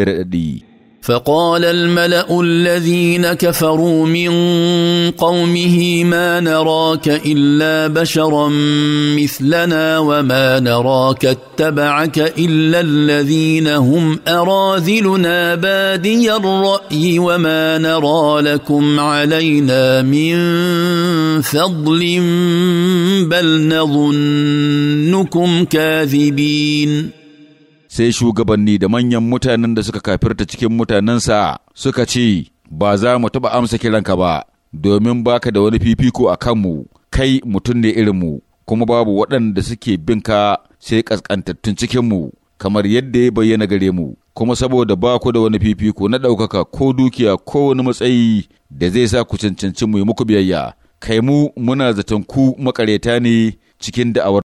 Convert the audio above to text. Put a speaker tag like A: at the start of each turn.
A: radadi
B: فقال الملا الذين كفروا من قومه ما نراك الا بشرا مثلنا وما نراك اتبعك الا الذين هم اراذلنا بادي الراي وما نرى لكم علينا من فضل بل نظنكم كاذبين
C: sai shugabanni da manyan mutanen da suka kafirta cikin mutanensa suka ce, Ba za mu taɓa amsa kiranka ba, domin baka da wani fifiko a kanmu, kai mutum ne irinmu, kuma babu waɗanda suke bin ka sai ƙasƙantattun cikinmu, kamar yadda ya bayyana gare mu, kuma saboda ba ku da wani fifiko na ɗaukaka ko dukiya ko wani matsayi da zai sa ku cancanci mu yi muku biyayya, kai mu muna zaton ku makareta ne cikin da'awar